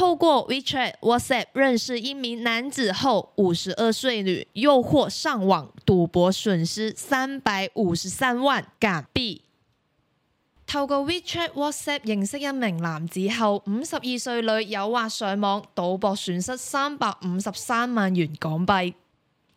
透過 WeChat、WhatsApp 認識一名男子後，五十二歲女誘惑上網賭博，損失三百五十三萬港幣。透過 WeChat、WhatsApp 認識一名男子後，五十二歲女誘惑上網賭博，損失三百五十三萬元港幣。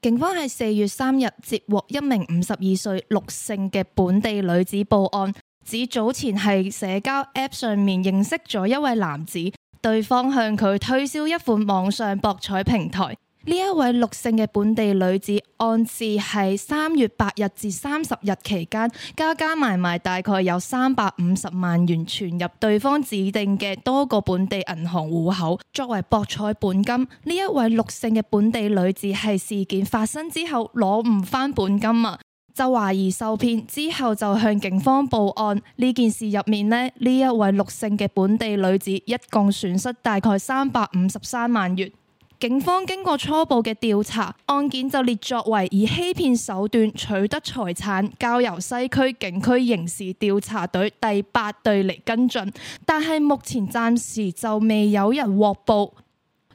警方喺四月三日接獲一名五十二歲陸姓嘅本地女子報案，指早前喺社交 App 上面認識咗一位男子。對方向佢推銷一款網上博彩平台，呢一位陸姓嘅本地女子，案治係三月八日至三十日期間，加加埋埋大概有三百五十萬元存入對方指定嘅多個本地銀行戶口，作為博彩本金。呢一位陸姓嘅本地女子係事件發生之後攞唔返本金啊，就懷疑受騙，之後就向警方報案。呢件事入面咧，呢一位陸姓嘅本地女子一共損失大概三百五十三萬元。警方經過初步嘅調查，案件就列作為以欺騙手段取得財產，交由西區警區刑事調查隊第八隊嚟跟進。但係目前暫時就未有人獲報。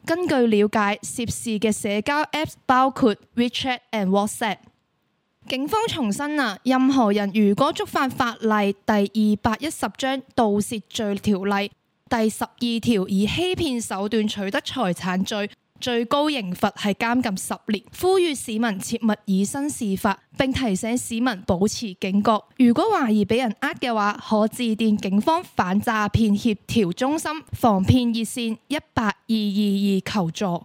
根據了解，涉事嘅社交 Apps 包括 WeChat and WhatsApp。警方重申啊，任何人如果觸犯法例第二百一十章盜竊罪條例第十二條以欺騙手段取得財產罪，最高刑罰係監禁十年。呼籲市民切勿以身試法，並提醒市民保持警覺。如果懷疑俾人呃嘅話，可致電警方反詐騙協調中心防騙熱線一八二二二求助。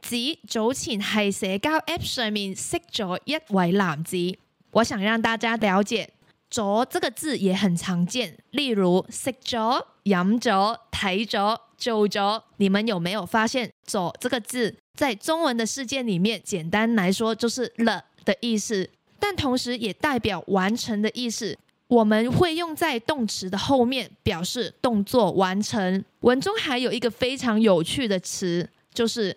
指早前係社交 app 上面識咗一位男子，我想讓大家了解咗這個字也很常見，例如食咗、飲咗、睇咗、做咗。你們有沒有發現咗這個字在中文的世界裏面，簡單來說就是了的意思，但同時也代表完成的意思。我們會用在動詞的後面，表示動作完成。文中還有一個非常有趣的詞，就是。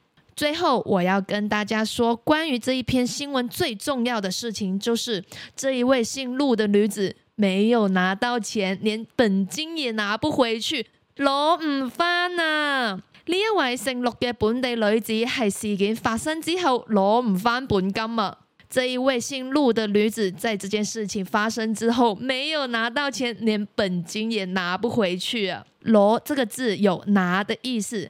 最後，我要跟大家說，關於這一篇新聞最重要的事情，就是這一位姓陸的女子沒有拿到錢，連本金也拿不回去，攞唔反啊！呢一位姓陸嘅本地女子係事件發生之後攞唔反本金啊！這一位姓陸的女子在這件事情發生之後沒有拿到錢，連本金也拿不回去啊！攞這個字有拿的意思。